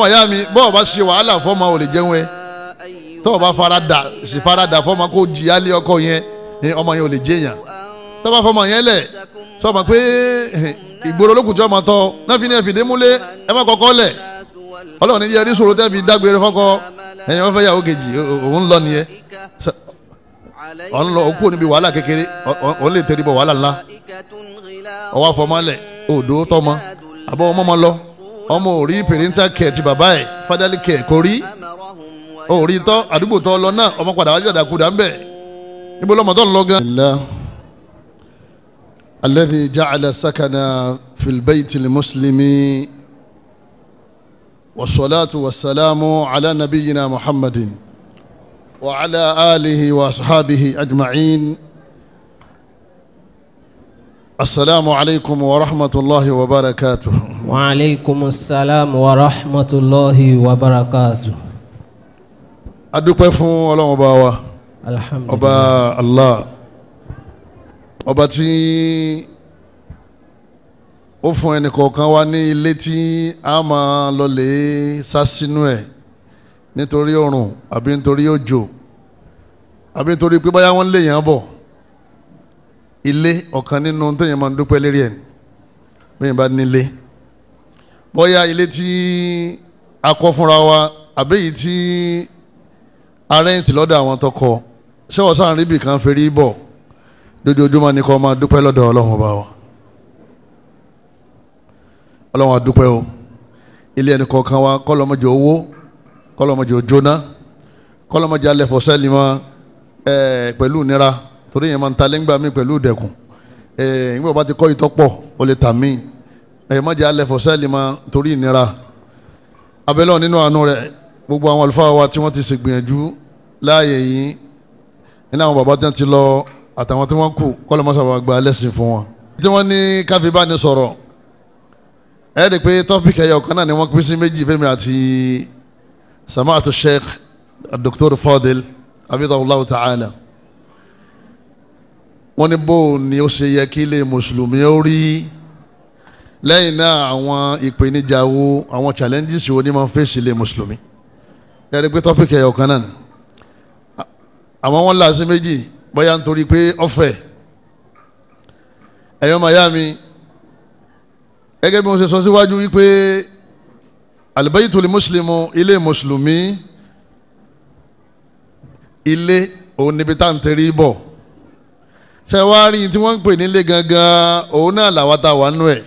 ọmọ ìyá mi bọ́ọ̀ bá ṣe wàhálà fọ́mọ ò lè jẹun ẹ tọ́ọ̀ bá farada ṣe farada fọ́mọ kó jìyà lé ọkọ yẹn ni ọmọ yẹn ò lè jẹyàn tọ́ọ̀ bá fọmọ yẹn lẹ̀ sọmọ pé ìgboro olókùn tí ọmọ tọ náà fi ní ẹ fìdí múlé ẹ má kọ́kọ́ lẹ̀ ọlọ́run níbi ẹrí sòrò tẹ́ fi dágbére fọ́kọ ẹ̀yìn wọn fẹ́ yàwó kejì òun lọ nìyẹn ọ̀n lọ òkú níbi wàhálà kékeré òun ọmọ ò rí kẹ̀ ti bàbá ẹ̀ fadali kẹ̀ kò rí ò tọ́ àdúgbò tọ́ lọ náà ọmọ padà wájú àdàkúdà ń bẹ̀ níbo lọ́mọ tó lọ gan. الذي جعل سكنا في البيت المسلم والصلاة والسلام على نبينا محمد وعلى آله وأصحابه أجمعين السلام عليكم ورحمة الله وبركاته وعليكم السلام ورحمة الله وبركاته adúpẹ́ fún ọlọ́run ọba wa ọba allah ọba tí ó fún ẹnìkọ̀ọ̀kan wa ní ilé tí a máa lọ lè sá sínú ẹ̀ nítorí oòrùn àbí nítorí òjò àbí nítorí pé báyà wọ́n lè yàn bọ̀ ilé ọ̀kan nínú téèyàn máa ń dúpẹ́ lérí ẹ̀ ní bẹ́ẹ̀ bá nílé bóyá ilé tí a kọ́ fúnra wa àbẹ́yìí tí arẹ́ǹtì lọ́dọ̀ àwọn tó kọ́ ṣẹ́wọ̀n sáà ríbi kan ferí bọ̀ dojoojúmọ́ ni kó máa dúpẹ́ lọ́dọ̀ ọlọ́run ọba wa ọlọ́run àdúpẹ́ o ilé ẹnì kọ̀ọ̀kan wa kọ́lọ́mọdé owó kọ́lọ́mọdé òjóná kọ́lọ́mọdé alẹ́ fọ́sẹ́lì mọ́ ẹ̀ pẹ̀lú ìnira torí yẹn máa ń talé ńgbà mí pẹ̀lú ìdẹ̀kùn ẹ̀ẹ́ ìgbà bá ti kọ́ ìtọ́pọ̀ ó lè tà mí ẹ̀ẹ́ má jẹ́ alẹ́ fọ́sẹ́ẹ̀lì máa torí ìnira abẹ́lẹ́ nínú àánú rẹ̀ gbogbo àwọn àlùfáà wa tí wọ́n ti ṣègbìyànjú láàyè yìí nínú àwọn bàbá tí wọ́n ti lọ àtàwọn tí wọ́n kù kọ́lọ́ mọ́sá bàbá gba lẹ́sìn fún wọn. tí wọ́n ní káfí bá ní sọ̀rọ̀ ẹ rí i pé tọ́pìkì ẹ̀yà ọ̀kan náà ni wọ́n pín sí méjì fẹ́mi àti samaatu sheikh dr fadil wọ́n ní bó ni ó ṣe yẹ kí ilé mùsùlùmí ó rí lẹ́yìn náà àwọn ìpèníjà wo àwọn challenges wo ni máa ń fèsì ilé mùsùlùmí ẹ̀rí pé tọ́pìkì ẹ̀yọ̀ kan náà àmọ́ wọ́n là sí méjì bóyá nítorí pé ọ̀fẹ́ ẹ̀yọ́ mayami gẹ́gẹ́ bí mo ṣe sọ síwájú wípé albaytul muslimu ilé mùsùlùmí ilé òun níbi tá à ń tẹ̀rí bọ̀ ṣe wá rí tí wọ́n ń pè nílé gangan òun náà làwa ta wà nù ẹ̀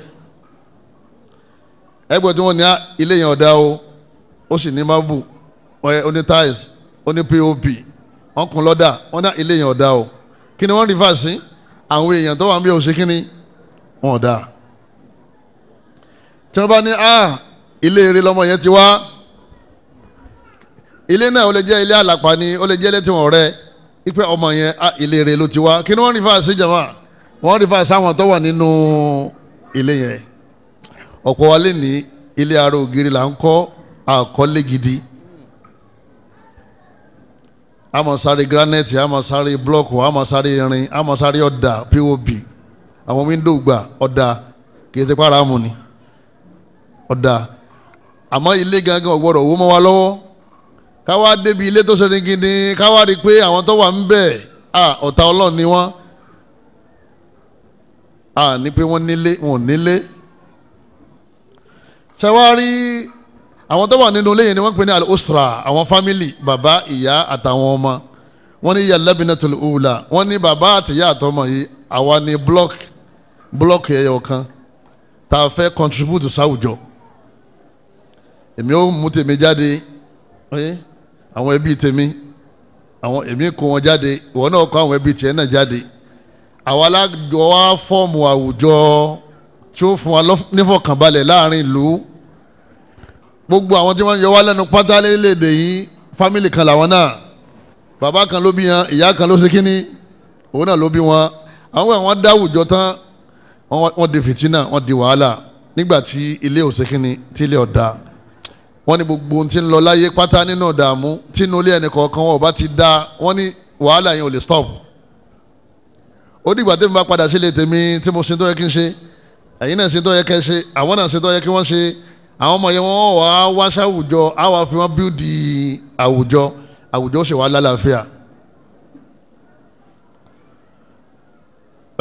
ẹgbẹ́ tí wọ́n ní ah, ilé yẹn ọ̀dà o ó sì ní mábù ó ní tiles ó ní pop wọ́n lọ́dà wọ́n ná ah, ilé yẹn ọ̀dà o kí ni wọ́n rí fàṣí àwọn èèyàn tó wà ń bí ọ̀ṣẹ́ kí ni wọ́n ọ̀dà tí wọ́n bá ní a ah, ilé eré lọ́mọ yẹn ti wá ilé náà ó lè jẹ́ ilé àlàpà ni ó lè jẹ́ ilé tí wọ́n rẹ́ ẹ̀ ipe ọmọ yẹn ilere rẹ ló ti wá kí ni wọ́n rí fáà sí jama wọ́n rí fáà sáwọn tó wà nínú ilé yẹn ọ̀pọ̀ wa lè ní ilé ara ògiri là ń kọ́ àkọ́lé gidi àmọ́ sáré granite àmọ́ sáré blọọkù irin àmọ́ ọ̀dà pop àwọn windo gbà ọ̀dà kìí ti para mu ni ọ̀dà àmọ́ ilé gangan ọ̀gbọ́dọ̀ owó mọ́ wa lọ́wọ́ káwá débi ilé tó ṣẹni gidi káwá rí i pé àwọn tó wà ń bẹ̀ ọ̀tá ọlọ́run ni wọ́n à ní pé wọ́n nílé wọn ò nílé ṣàwárí àwọn tó wà nínú ilé yẹn ni wọ́n pè ní al-usra àwọn fámìlì bàbá ìyá àtàwọn ọmọ wọ́n ní ìyá labinatul ula wọ́n ní bàbá àtìyá àtọmọ yìí àwa ni block block ẹyọ kan tá a fẹ́ contribute sáwùjọ èmi ó mú tèmi jáde. Okay? àwọn ẹbí tèmi àwọn èmi kó wọn jáde ìwọ náà kó àwọn ẹbí tiẹ̀ náà jáde àwa alájọ wa fọ́ọ̀mù àwùjọ tí ó fún wa nífọ̀kànbalẹ̀ láàrin ìlú gbogbo àwọn tí wọ́n yọ wá lẹ́nu pátá léléèdè yìí fámìlì kan làwọn náà bàbá kan ló bí wọn ìyá kan ló ṣe kínní òun náà ló bí wọn àwọn àwọn dá àwùjọ tán wọ́n di fìtínà wọ́n di wàhálà nígbà tí ilé òṣèkínní tí ilé ọ̀dà wọ́n ní gbogbo ohun tí ń lọ láyé pátá nínú ìdààmú tí inú ilé ẹnì kọ̀ọ̀kan wọn ò bá ti dá wọ́n ní wàhálà yẹn ò lè stop ó dìgbà tẹ́mi bá padà sílé tèmi tí mo sin tó yẹ kí n ṣe ẹ̀yin náà sin tó yẹ kẹ́ ṣe àwọn náà sin tó yẹ kí wọ́n ṣe àwọn ọmọ yẹn wọ́n wà á wá sáwùjọ á wà fi wọ́n bíúdi àwùjọ àwùjọ ó sì wà lálàáfíà.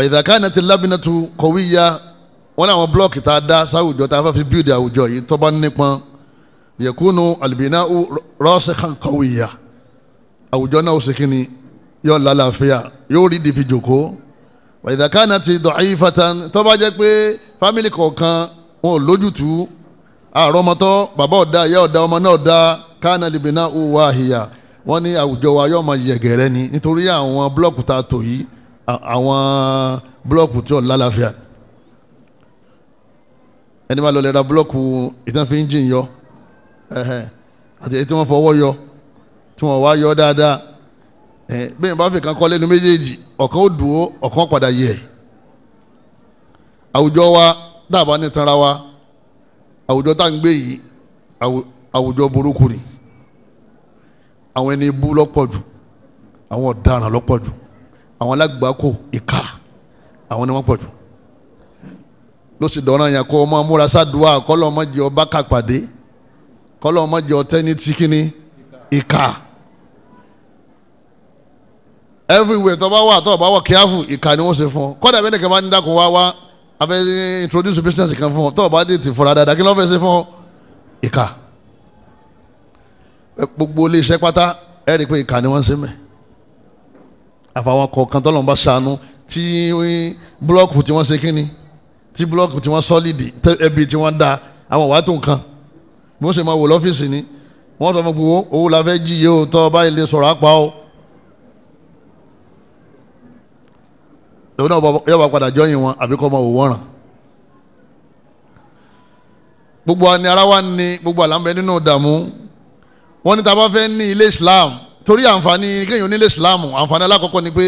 ìdàkà náà ti lábìnàtú kọ̀wé ya wọ́n ní àwọn blọ́ọ̀kì tá a dá sáwùjọ tá a fẹ́ fi bíúdi àwùjọ yìí tó bá nípọn yẹkúnú alìbínáwó rọ́ọ̀sìkan kọ̀wéyà àwùjọ náà ó sì kíni yóò lálàáfíà yóò joko dìfi jòkó wàyídàkánà ti dọ̀ọ́yì fatan tó bá jẹ́ pé fámìlì kọ̀ọ̀kan wọn ò lójútùú àrọ́mọtọ́ bàbá ọ̀dà ìyá ọ̀dà ọmọ náà ọ̀dà kánà alìbínáwó wàhíyà wa yóò máa yẹ̀gẹ̀rẹ́ ni nítorí àwọn blọ́ọ̀kù tá a tò yìí àwọn blọ́ọ̀kù tí ò lálàáfíà ẹni máa lọ lè ra blọ́ọ̀kù àti èyí tí wọ́n fọwọ́ yọ tí wọ́n wá yọ dáadáa bẹ́ẹ̀ bá fi kan kọ́ lẹ́nu méjèèjì ọ̀kan ó dùn ó ọ̀kan padà yẹ̀ àwùjọ wa dábàá ní tanra wa àwùjọ tá à ń gbé yìí àwùjọ burúkú ni àwọn ẹni bú lọ́pọ̀ jù àwọn ọ̀daràn lọ́pọ̀ jù àwọn alágbàákò ìka àwọn ni wọ́n pọ̀ jù ló sì dọ̀ràn yẹn kó o máa múra sáà dùn á kọ́ lọ́ọ́ má jẹ́ ọba kápàdé kọ́lọ́ ọmọ jẹ ọtẹ́ ní tíkíní ìka everywhere tó wa wà wa bá ika kíáfù ìka ni wọ́n ṣe fún ọ kọ́dà bẹ́ẹ̀ nìkan máa ń wá wá abẹ́ introduce business kan fún ọ tó bá dé ti fọ́ra dáadáa kí ló fẹ́ ṣe fún ọ ìka gbogbo iléeṣẹ́ pátá ẹ rí i pé ìka ni wọ́n ṣe mẹ́ àfàwọn kọ̀ọ̀kan tọ́lọ̀ ń bá ṣàánú tí búlọ́ọ̀kù tí wọ́n ṣe kíni tí búlọ́ọ̀kù tí wọ́n sọ́lìdì ẹbí tí wọ́n da àwọn wàá tó nǹkan bó ṣe máa wò lọ́fíìsì ni wọ́n sọ fún gbogbo owó la fẹ́ jíye o tọ́ ọba ilé sọ̀rọ̀ apá o lòun náà yóò bá padà jọyìn wọn àbí kọ́ ọmọ òwò wọ́n ràn gbogbo àni ara wa ni gbogbo àlàmbẹ nínú ìdààmú wọ́n ní ta bá fẹ́ ní ilé Islam torí àǹfààní kéèyàn ní ilé Islam àǹfààní alákọ̀ọ́kọ́ ni pé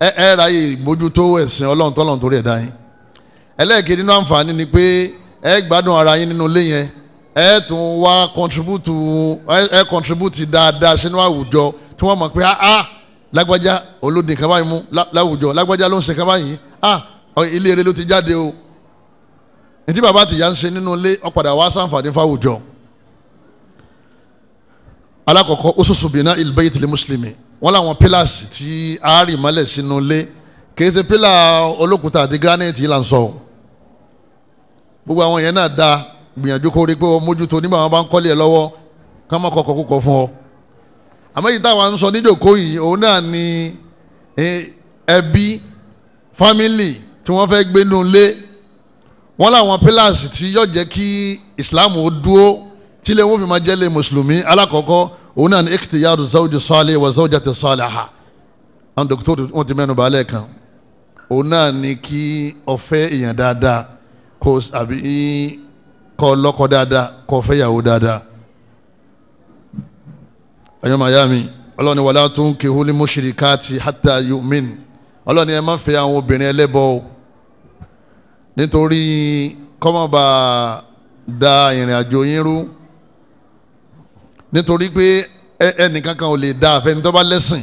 ẹ ẹ ráyè mójútó ẹ̀sìn ọlọ́run tọ́lọ́run torí ẹ̀dá yín ẹlẹ́ẹ̀kejì nínú àǹfààní ni pé ẹ gbádùn ara yín nínú ilé yẹn ẹ tún wá contribute ẹ contribute dáadáa sínú àwùjọ tí wọ́n mọ̀ pé ah, ah lágbájá olóde kaba yìí mú láwùjọ lágbájá ló ń ṣe kaba yìí ah ilé eré ló ti jáde o ntí bàbá àtìyá ń ṣe nínú ilé ọ̀padà wá ṣàǹfààní fáwùjọ alákọ̀ọ́kọ́ oṣooṣù bìnnà ìlbẹ́yìí tìlẹ̀ mùsùlùmí wọ́n làwọn pílàsì tí a rì mọ́lẹ̀ sínú ilé kìí ṣe pílà olókùúta àti gíránìtì là ń gbogbo àwọn yẹn náà dáa gbìyànjú kó rí pé o mójútó nígbà wọn bá ń kọ́lé ẹ lọ́wọ́ ká má kọkọ kúkọ fún ọ àmọ́ èyí táwa ń sọ níjòkó yìí òun náà ni ẹbí fámìlì tí wọ́n fẹ́ gbénu lé wọ́n láwọn pillars tí yóò jẹ́ kí Islam ó dúó tílé wọn fi máa jẹ́ lé mùsùlùmí alákọ̀ọ́kọ́ òun náà ni ikhtiyar zawji salih wa zawjati salihah àwọn dókítà wọn ti mẹ́nu balẹ̀ kan òun náà ni kí ó fẹ́ èèyàn dáadáa kò àbí kọ́ lọ́kọ dáadáa kọ́ fẹ́yàwó dáadáa ẹ̀yọ́ mayami ọlọ́ni wàlá tún kihuli mushrikati yu min, ọlọ́ni ẹ má fẹ́ àwọn obìnrin ẹlẹ́bọ nítorí kọ́mọba da ìrìn àjò yín rú nítorí pé ẹnìkankan ò lè da àfẹni tó bá lẹ́sìn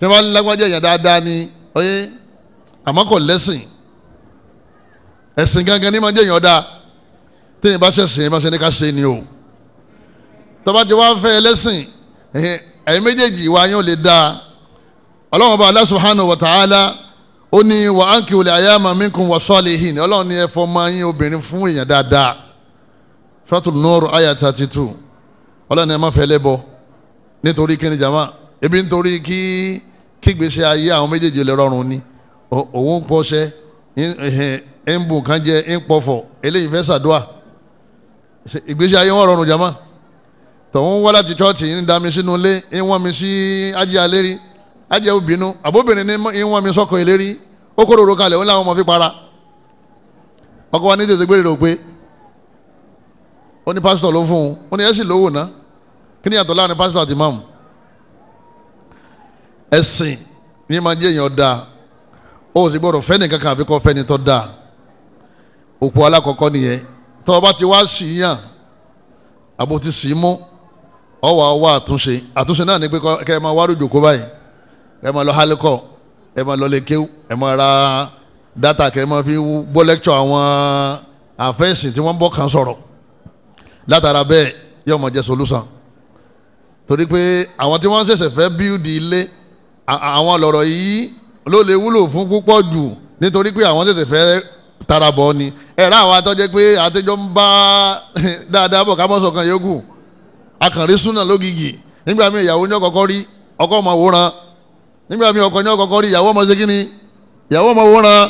tó bá lágbájá èèyàn dáadáa ni ọyẹ àmọ́ kò lẹ́sìn ẹ̀sìn gangan ní máa jẹ́ èèyàn dáa. téèyàn bá ṣẹ̀sìn bá ṣe ká ṣe o tọ́ba ti wá fẹ́ ẹlẹ́sìn ẹ̀yin méjèèjì ìwà yín lè dáa ọlọ́run bá Allah subhanahu wa ta'ala ó ní wa ankihu al-ayyama minkum was ni ọlọ́run ní ẹ máa yín obìnrin fún èèyàn dáadáa ọlọ́run má fẹ́ lẹ́bọ nítorí kíni jama ebi nítorí kí ayé àwọn méjèèjì rọrùn ni òun ìgbésí ayé wọn rọrùn jama tọ̀hún wá láti chọ́ọ̀tì ń dami sínú ilé ń wọ́n mi sí ajé alérí ajé obìnrin àbóbìnrin ní ń wọ́n mi sọ́kọ̀ ìlérí ó kó rorò kalẹ̀ ó láwọn ọmọ fi para ọkọ wa ní tètè gbére rò pé ó ní pásítọ̀ ló fún un ó ní ẹ̀sìn lówó ná kí ni yàtọ̀ láàrin pásítọ̀ àti máàmù ẹ̀sìn ní máa jẹ́ èèyàn dáa ó sì gbọ́dọ̀ fẹ́ni kankan àfikọ́ fẹ́ni tó dáa òpó alákọ̀ọ́kọ́ nìyẹn tọ́ ọba ti wá sí yàn àbò ti sì mú ọwọ́ ọwọ́ àtúnṣe àtúnṣe náà ni pé kẹ́ ẹ máa wárò ìjòkó báyìí ẹ máa lọ hálíkọ̀ ẹ máa lọ lè ẹ máa ra dátà kẹ́ ẹ máa fi gbọ́ lẹ́kṣọ̀ àwọn àfẹ́sìn tí wọ́n bọ́ kan sọ̀rọ̀ látara bẹ́ẹ̀ yóò máa jẹ́ solúsàn torí pé àwọn tí wọ́n ṣẹ̀ṣẹ̀ fẹ́ bíúdi ilé àwọn lọ̀rọ̀ yìí ló lè wúlò fún púpọ̀ jù nítorí pé àwọn ṣẹ̀ṣẹ̀ fẹ́ tarabọ ni ẹ̀rọ àwọn atọ́jẹ́ pé àtẹjọ́ ń bá dáadáa bọ̀ ká mọ́ sọ̀kan yòókù akànrí súnà lógìgì nígbà míì ìyàwó ní rí ọkọ ọmọ wòran nígbà míì ọkọ ní rí ìyàwó ọmọ ni ìyàwó ọmọ wòran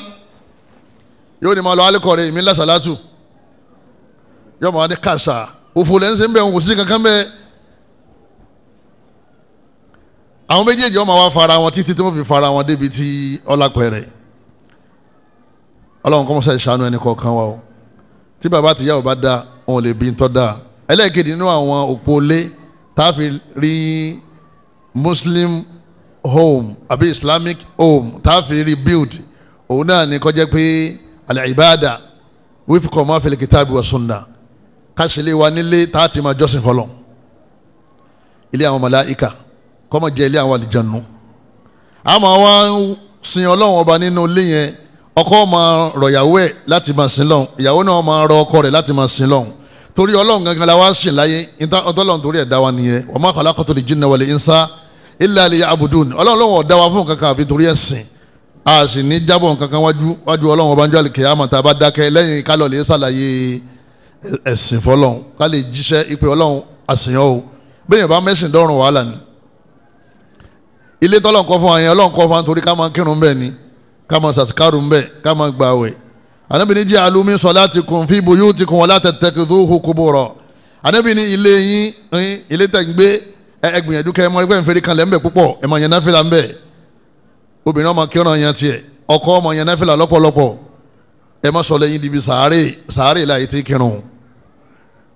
yóò ní ma lọ alikọ̀rẹ́ ìmí lásàlátù yóò máa ní kàṣà òfò ń kankan bẹ́ẹ̀ fara wọn títí tí fi fara wọn débi tí ọlọ́run kọ́mọ́sá ìṣàánú ẹni kọ̀ọ̀kan wa o tí bàbá àti ìyá ò bá da wọn lè bí tọ́ da ẹlẹ́ẹ̀kejì nínú àwọn òpó ilé tá rí muslim home àbí islamic home tá rí build òun náà ni kó jẹ́ pé al-ibada wífikọ̀ máa fil kitabi wa sunna káṣílẹ̀ wa nílé tá máa jọ́sìn fọlọ́ ilé àwọn màláíkà kọ́mọ ilé àwọn àlìjànú àmọ́ wa sin ọlọ́run ọba nínú ilé yẹn ọkọ máa rọ ìyàwó ẹ láti máa sin lọ́hùn ìyàwó náà máa rọ ọkọ rẹ láti máa sin lọ́hùn torí ọlọ́run gangan la wá sìn láyé níta ọtọ́lọ́run torí ẹ̀ dá wa nìyẹn wa ma khalaqatul jinna wal insa illa liya'budun ọlọ́run lọ́wọ́ dá wa fún kankan àfi torí ẹ̀ sìn a sì ní jábọ̀ kankan wájú wájú ọlọ́run ọba njọ́ àlìkèyàmọ̀ tá a bá dákẹ́ lẹ́yìn kálọ̀ lè ṣàlàyé ẹ̀sìn fọlọ́run ká lè jíṣẹ́ ìpè ọlọ́run àsìyàn o bẹ́ẹ̀ kama sasikaru ń bẹ kama gbàwẹ̀ anabi ni jẹ́ alumi salatikum fi buyutikum wala tattakhidhuhu qubura anabi ni ilé yín ilé tẹ̀ ń gbé ẹ gbìyànjú kẹ́ ẹ mọ ẹgbẹ́ ìfẹ́rí kan lẹ́ ń bẹ púpọ̀ ẹ mọ yẹn náfìlà ń bẹ obìnrin ọmọ kí ọ̀nà yẹn tiẹ̀ ọkọ ọmọ yẹn náfìlà lọ́pọ̀lọpọ̀ ẹ má sọ lẹ́yìn dibi sàárè sàárè láyé ti kírun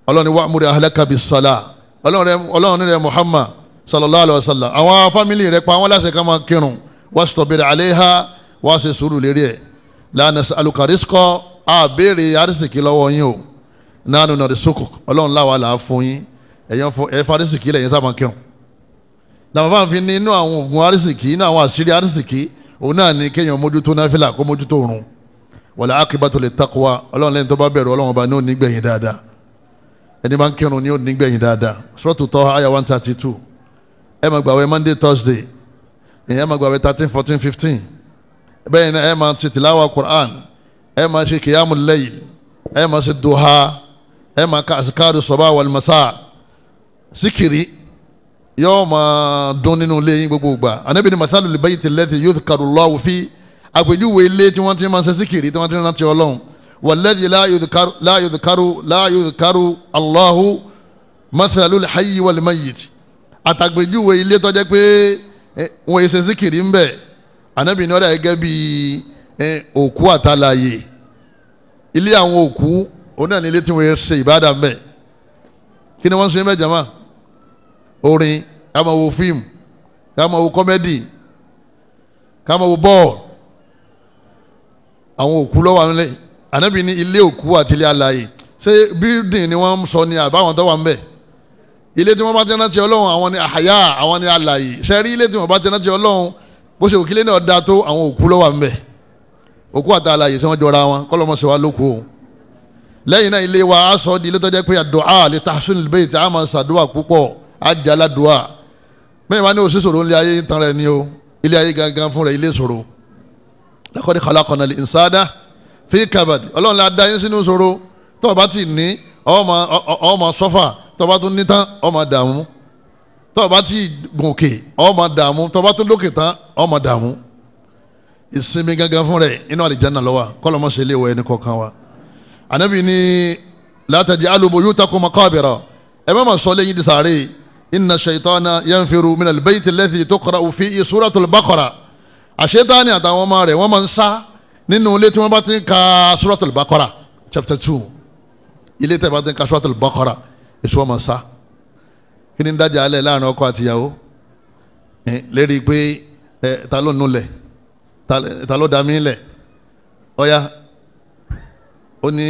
ọlọ́ni wa amúre ahlaka bi sala rẹ Muhammad sallallahu alayhi wa sallam àwọn fámìlì rẹ pa àwọn láṣẹ ká máa kírun wastabir alayha wá ṣe sùúrù lérí ẹ̀ lànà alukarisikọ àbèrè arísìkí lọ́wọ́ yín o nánú nà dìsókò ọlọ́run láwa là á fún yín ẹ̀yàn fún ẹ̀fà arísìkí lẹ̀yìn sábà kẹ́hùn làwọn bá ń fi ní àwọn oògùn arísìkí inú àwọn àṣírí arísìkí òun náà ni kéèyàn mójútó náfìlà kó mójútó òrun wàlá akibatu lè takuwa ọlọ́run lẹ́yìn tó bá bẹ̀rù ọlọ́run ọba ní ò ní gbẹ̀yìn dáadáa ẹni bá ń kírun ní ò ní dáadáa sọ́ọ̀tù tọ́ àyà one thirty two ẹ máa monday thursday ìyẹn máa thirteen fourteen fifteen bẹ́ẹ̀ ni ẹ máa ṣe tìláwà Qur'an ẹ máa ṣe kìyàmù layl ẹ máa ṣe duha ẹ máa ka àsìkáàdù sọ̀bà wàlùmọ́sà síkìrì yóò máa dún nínú ilé yín gbogbo gbà anábìíní mathalu libayi tilẹ̀tì yudhkaru Allahu fi àpèjúwe ilé tí wọ́n ti máa ṣe síkìrì tí wọ́n ti rántí ọlọ́run wàlẹ́dì la yudhkaru la yudhkaru Allahu mathalu alhayyi walmayit ilé tó pé eh, wọ́n ṣe síkìrì ń bẹ́ẹ̀ anabi ní ọ̀dà gẹ́gẹ́ bí òkú àtàlàyé ilé àwọn òkú òun ilé tí wọ́n ṣe ìbádà mbẹ́ kí ni wọ́n ṣe mbẹ́ ma orin ká máa wo fíìmù ká máa wo kọ́mẹ́dì ká máa wo bọ́ọ̀lù àwọn òkú lọ́wọ́ àwọn ilé anabi ní ilé òkú àti ilé àlàyé ṣé bíldìn ni wọ́n sọ ni àbáwọn tó wà mbẹ́ ilé tí wọ́n bá ti rántí ọlọ́run àwọn ni àhàyà àwọn ni àlàyé ṣe rí ilé tí wọ́n bá ti rántí bó ṣe òkìlẹ̀ náà da tó àwọn òkú lọ́wọ́ ńbẹ òkú àtàlà yìí sẹ́wọ́n jọra wọn kọ́lọ́mọ ṣe wá lóko o lẹ́yìn náà ilé wa aṣọ di ilé tọ́jẹ́ pé àdúà lè ta sún ìlú tí a máa ṣàdúà púpọ̀ àjàlá dùà mẹ́rin wá ní òsì ṣòro ilé ayé ń tan rẹ̀ ni o ilé ayé gangan fún rẹ̀ ilé ṣòro laqad khalaqna al-insana fi kabad ọlọ́run la da yín sínú ṣòro tó o bá ti ní ọmọ sọ́fà tó o bá tún ní tán ọmọ dààmú tọ́ba tí gòkè ọmọ dààmú tọ́ba tó lókè tán ọmọ dààmú ìsinmi gangan fún rẹ inú àlìjáná lọ́wọ́ kọ́lọ́mọ́sẹ̀ ilé ìwọ ẹni kọ̀ọ̀kan wa ànábì ní látàjì alùbọ̀ yóò takò mọ́ kọ́ọ̀bẹ̀rọ ẹ má máa sọ lẹ́yìn di sàárè inna ṣètọ́nà yanfiru min albayt alladhi tuqra fi suratul baqara àṣetáni àtàwọn ọmọ rẹ wọ́n máa ń sá nínú ilé tí wọ́n bá ti ń ka suratul baqara chapter two ilé tí wọ́n bá ti ń ka suratul baqara èso wọn máa ń sá kí ni dájà alẹ́ láàrin ọkọ àtìyàwó lérí pé ẹ ta ló nulẹ̀ ta ló dá mi lẹ̀ ọ̀ya ó ní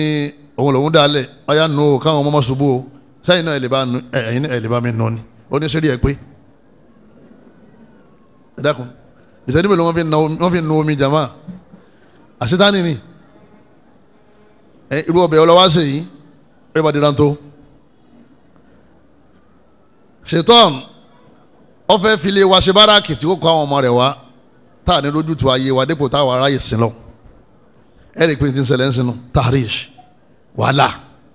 òun lòun dá lẹ̀ ọ̀ya nu o káwọn ọmọ ọmọ ṣubú o sẹ́yìn náà ẹ̀ lè bá mi nù ni ó ní sẹ́rí ẹ̀ pé ẹ dákun ìṣẹ́jú mélòó wọ́n fi nu omi jàmá àṣetánì ni irú ọbẹ̀ ọlọ́wọ́ àṣeyìn ẹ bá dira tó ṣetán ọfẹ́ file wa ṣe báràkì tí ó kọ àwọn ọmọ rẹ̀ wá tá a ní lójútu ayé wa dépò táwa aráyè sí lọ ẹ rí i ń sinú tàríṣ wàhálà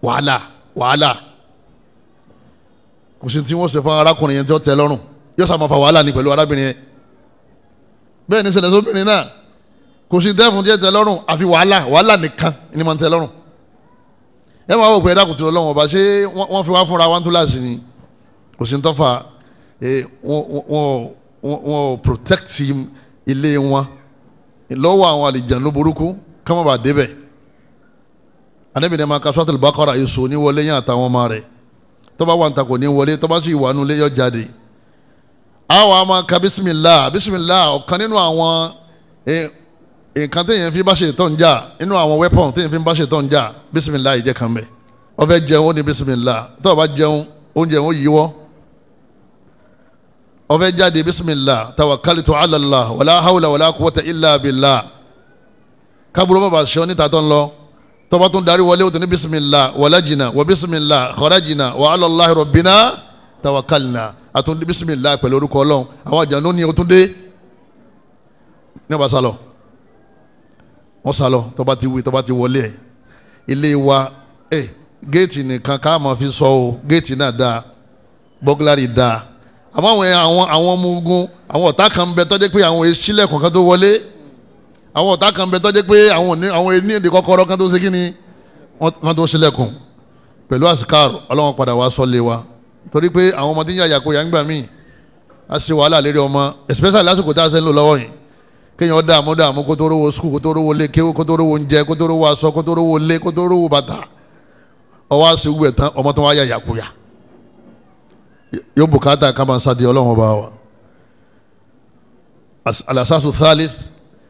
wàhálà wàhálà kò sí tí wọ́n ṣe fún arákùnrin yẹn tí ó tẹ́ lọ́rùn yóò sá máa fa wàhálà ní pẹ̀lú arábìnrin yẹn bẹ́ẹ̀ ní sóbìnrin náà kò sí dẹ́fun díẹ̀ tẹ́ lọ́rùn àfi wàhálà wàhálà nìkan ni máa ń tẹ́ lọ́rùn ẹ máa wò pé ẹ̀dá kùtù lọ́wọ́ ọba ṣé wọ́n fi wá fúnra wá ń túláàsì ni kò sí ntọ́fà wọn ò protect ilé wọn lọ́wọ́ àwọn àlìjànú burúkú kámọ́bà débẹ̀ anabi ní ma ka suratul baqara èso ní wọlé yẹn àtàwọn ọmọ rẹ̀ tọ́ba wà ntakò ní wọlé tọ́ba si wà nulẹ̀ yọ jáde àwọn àmọ́ ka bisimilah bisimilah ọ̀kan nínú àwọn nǹkan téèyàn fi bá ṣètò ń jà nínú àwọn weapon téèyàn fi bá ṣètò ń jà bisimilah yìí jẹ́ kan bẹ́ẹ̀ ó fẹ́ jẹun ó ní bisimilah tọ́ba jẹun oúnjẹ òun yíwọ́ ó fẹ́ jáde bisimilah tawakalitu alala wàlá hawla wàlá kuwata illa billah kaburu bàbà sọ ní tàtọ́ ńlọ tọba tún darí wọlé òtún ní bisimilah wàlájìnà wà bisimilah kharajina wà alalahi rabbina tawakalina àtún ní bisimilah pẹ̀lú orúkọ ọlọ́run àwọn àjànú ni o tún dé ní ọba sálọ wọn sálọ tọba ti wí tọba ti wọlé ẹ wa ẹ eh, géètì nìkan ká máa fi sọ o géètì náà dáa bọ́gílárì dáa àmọ́ àwọn àwọn àwọn ọmọ ogun àwọn ọ̀tá kan bẹ tọ́jú pé àwọn esílẹ̀ kọ̀ọ̀kan tó wọlé àwọn ọ̀tá kan bẹ tọ́jú pé àwọn ẹni èdè kọ́kọ́rọ́ kan tó ṣe kí ni wọ́n tó ṣílẹ̀kùn pẹ̀lú àsìkáàrò ọlọ́wọ́n padà wá sọ́lé wa torí pé àwọn ọmọdé ń yàyà kó yà ń gbà míì a ṣe wàhálà lérí ọmọ especially lásìkò tá a ṣe ń lò lọ́wọ́ yìí kéèyàn dààmú dààmú kó tó rówó skul kó tó rówó lé kéwó kó yóò bùkátà ká máa sáde ọlọ́run ọba wa alasasu thalith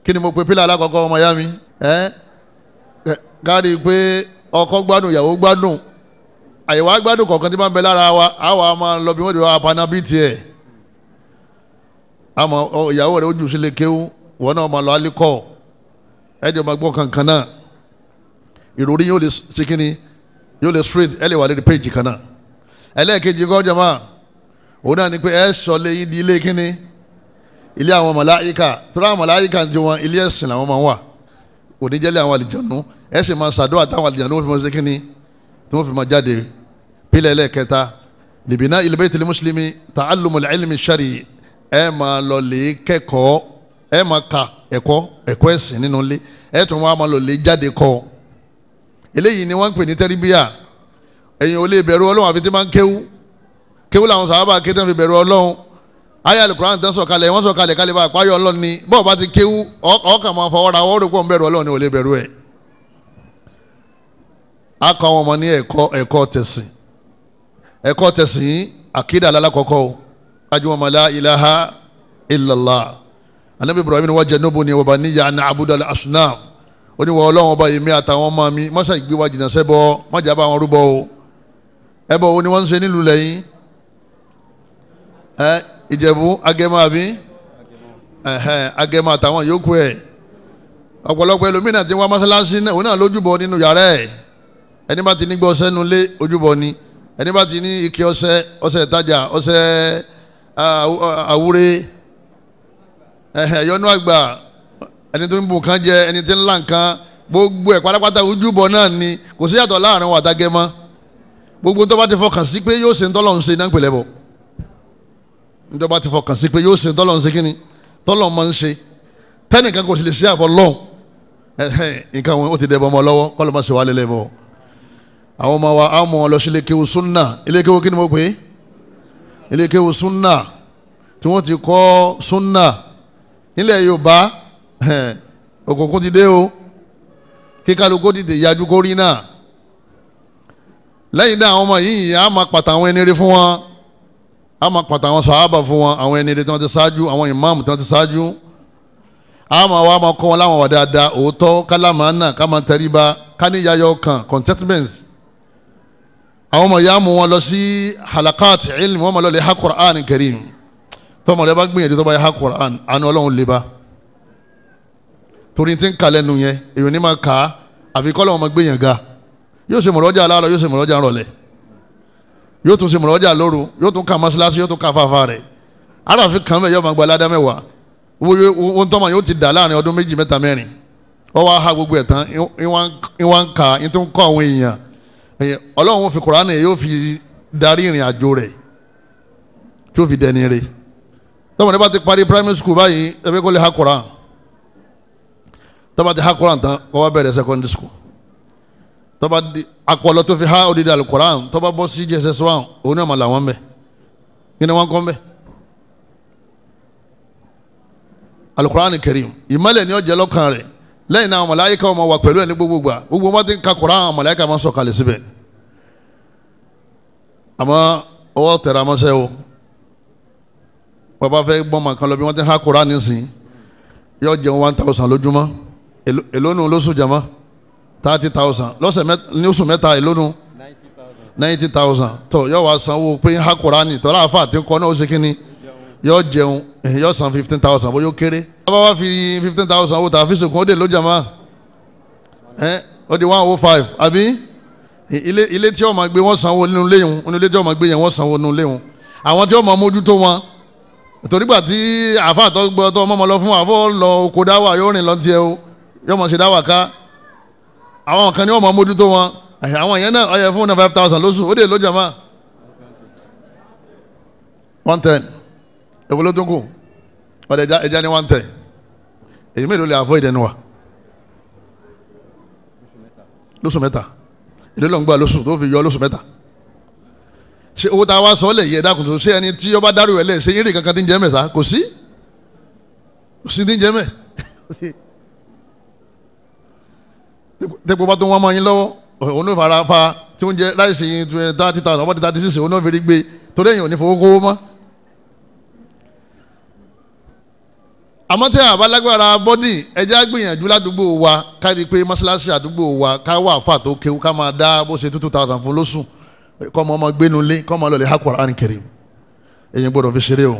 kí ni mo pe pílà alákọ̀ọ́kọ́ ọmọ ya mi ẹ́ káàdì pé ọkọ gbádùn ìyàwó gbádùn àyẹ̀wò agbádùn kọ̀ọ̀kan tí máa ń bẹ lára wa àwa máa lọ bí wọ́n ti wá paná bíi tiẹ̀ àmọ́ ìyàwó rẹ̀ ó jù sílé kéwú wọn náà máa lọ alikọ́ ẹ̀jẹ̀ máa gbọ́ kankan náà ìròrí yóò lè ṣe kí ni yóò lè straight ẹ̀ lè wà lórí péjì kan náà ẹlẹ́ẹ̀kejì kọ́ máa òun náà ni pé ẹ sọ léyìn di ilé kíní ilé àwọn màláyíkà tọ́lá àwọn màláyíkà ti wọn ilé ẹ̀sìn làwọn máa ń wà oníjẹ́lẹ̀ àwọn àlìjọ̀nù ẹ sì máa ṣàdúrà táwọn àlìjọ̀nù fi máa ṣe kíní tí wọ́n fi máa jáde pílẹ̀ ẹlẹ́ẹ̀kẹta libina ilbẹ́tì mùsùlùmí ta'allumul ilmi shari ẹ máa lọ lè kẹ́kọ̀ọ́ ẹ máa ka ẹ̀kọ́ ẹ̀kọ́ ẹ̀sìn nínú ilé ẹ tún wọn máa lọ lè jáde kọ́ eléyìí ni wọ́n ń pè ní tẹ́ríbíyà ẹ̀yin ò bẹ̀rù ọlọ́run àfi tí máa ń kéwú kéwú làwọn sàhábà ké tán fi bẹ̀rù ọlọ́run ayé alukuraani tán sọ̀kalẹ̀ wọ́n sọ̀kalẹ̀ kálí bá àpáyọ̀ ọlọ́run ni bọ́ọ̀ bá ti kéwú ọkàn máa fọwọ́ra wọ́n rò pọ̀ ń bẹ̀rù ọlọ́run ni ò lè bẹ̀rù ẹ̀. a kọ́ àwọn ọmọ ní ẹ̀kọ́ ẹ̀kọ́ tẹ̀sìn ẹ̀kọ́ tẹ̀sìn àkídà alákọ̀ọ́kọ́ o ajumama ilaha illallah anabi ibrahim ni wàjẹ nobu ni wàbà níyà ní abudulayi asunam oníwà ọlọ́run ọba yèmí àtàwọn ọmọ mi mọ́sá ìgbéwájú náà sẹ́bọ̀ mọ́jà bá wọn rúbọ o ẹbọ wo ń ṣe nílùú lẹ́yìn ẹ ìjẹ̀bú agẹmọ àbí agẹmọ àtàwọn yòókù ẹ ọ̀pọ̀lọpọ̀ ẹlòmínà tí wọ́n mọ́sálásí náà òun náà lójúbọ nínú yàrá ẹ̀ ẹni bá ti ní gbọ́ ọṣẹ nulẹ̀ ojúbọ ni ẹni bá ti ní ike ọsẹ ìtajà ọsẹ àwúre àgbà ẹni tó ń jẹ ẹni tó ń nǹkan gbogbo pátápátá ojúbọ náà ni kò gbogbo tó bá ti fọkàn sí pé yóò ṣe ń níjọba ti fọkàn sí pé yóò ṣe tọ́lọ̀ ń ṣe kíni tọ́lọ̀ máa ń ṣe tẹ́nìkan kò sì lè ṣe àfọ lọ́hùn nǹkan wọn ó ti dẹ̀bọ̀ ọmọ lọ́wọ́ kọ́ ló ṣe wà lélẹ̀ bọ̀ àwọn ọmọ wa àmọ́ lọ sí ilékewu súnà ilékewu kí ni mo pè é ilékewu súnà tí wọ́n ti kọ́ súnà nílẹ̀ Yorùbá òkùnkùn ti dé o kíkálukó dìde yájú kórìí náà lẹ́yìn náà àwọn ọmọ yìí á máa pàtàwọn ẹni rí fún wọn a máa pàtàkì àwọn sàhábà fún wọn àwọn ẹni tí wọ́n ti ṣáájú àwọn ìmáàmù tí wọ́n ti ṣáájú a máa wá máa kọ́ wọn láwọn wà dáadáa òótọ́ kálámánà ká máa tẹríba ká ní kan contentment àwọn ọmọ ìyá mu wọn lọ sí halakat ilmi wọn máa lọ lè ha Qur'an karim tọmọ rẹ bá gbìyànjú tó bá yẹ ha Qur'an àánú Ọlọ́run lè ba torí ti ń kalẹ̀ nu yẹn èyí ò ní máa kà á àbí kọ́ lọ́wọ́ máa gbìyànjú yóò ṣe mọ̀lọ́jà aláàrọ̀ yóò ṣe mọ̀lọ́jà rọ̀lẹ́ yóò tún ṣe mọ̀lọ́jà lóru yóò tún ka mọ́ṣáláṣí yóò tún ka fàáfà rẹ̀ aráàfin kan bẹ̀ yóò máa gba ládá mẹ́wàá wọ́n tọ́mọ̀ yóò ti dà láàrin ọdún méjì mẹ́ta mẹ́rin wọ́n wá gbogbo ẹ̀ tán ìwọ̀n ń ka ìtú ń kọ́ àwọn èèyàn ọlọ́run fi kùránì yóò fi darí ìrìn àjò rẹ̀ tí ó fi dẹni rẹ̀ tọ́mọ̀ ní bá ti parí primary school báyìí ẹgbẹ́ kó lè ha kùrán tọ́mọ̀ ti ha kùrán tán kó wá bẹ̀rẹ̀ secondary school tọ́ba akọlọ tó fi ha odidi alukoran tọ́ba bọ́ sí jẹsẹ̀ sọ́wọ́n òun náà mà làwọn bẹ̀ kí ni wọ́n kọ́ bẹ̀. alukoran karim ìmọ̀lẹ̀ ni ó jẹ́ lọ́kàn rẹ̀ lẹ́yìn náà màláyíkà ọmọ wà pẹ̀lú ẹ̀ ní gbogbo gbà gbogbo wọn ti ń ka koran màláyíkà máa ń sọ̀kalẹ̀ síbẹ̀ àmọ́ ọwọ́ tẹ̀ra mọ́sẹ́ o bàbá fẹ́ gbọ́n màkàn lọ bí wọ́n ti ń ha koran nísìnyí yóò jẹun one thousand lójúmọ́ èlónú jama jàmọ́ thirty thousand lọ́sẹ̀ mẹ́ta ní oṣù mẹ́ta ìlónú ninety thousand tó yọ wá sanwó pé ha Kùránì tọ́lá àfa àti kọ́ náà ó ṣe kínní yọ jẹun eh, yọ san fifteen thousand bóyá ó kéré. bàbá wa fi fifteen thousand owó tàbí sèkún ó dé lójà máa ẹ ó di one oh five àbí ilé ilé tí ó máa gbé wọ́n sanwó nínú ilé yẹn nínú ilé tí ó máa gbé yẹn wọ́n sanwó nínú ilé yẹn àwọn tí ó mójútó wọn torí gbà tí àfa àtọ́gbọ́tọ́ ọmọ ọmọ lọ fún wa àfọ́ lọ oko dáwà yóò rìn lọ tiẹ̀ o yóò mọ̀ ṣe dáwà ká àwọn kan ní wọ́n máa mójútó wọn àwọn yẹn náà ọyẹ fún náà five thousand lóṣù ó dé lójà máa one ten èwo ló tún kù ọ̀dẹ̀ ẹja ní one ten èyí mélòó lè avoid ẹnu wa lóṣù mẹ́ta èlé ló ń gbà lóṣù tó fi yọ lóṣù mẹ́ta ṣé owó tá a wá sọ ọ́ lè yẹ dákun tó ṣé ẹni tí ọba dárò ẹ̀ lẹ̀ ṣe yín kankan tí ń jẹ́ mẹ́ sá kò sí kò sí tí ń jẹ́ mẹ́. tẹ́gbọ́n bá tó wọ́n mọ́ yín lọ́wọ́ òun ló fara fa tí oúnjẹ láìsí thirty thousand ọba thirty six òun náà fèrè gbé torí èèyàn ò ní fowó kówó mọ́. àmọ́ tí àbálágbára bọ́dì ẹja gbìyànjú ládùúgbò wa kárí pé mọ́ṣáláṣí àdúgbò wa ká wà fà tó kéwu ká máa dá bó ṣe two thousand fún lóṣù kọ́mọ ọmọ gbénu lé kọ́mọ lọ́lẹ̀ ha Quran Karim èyí gbọ́dọ̀ fi ṣeré o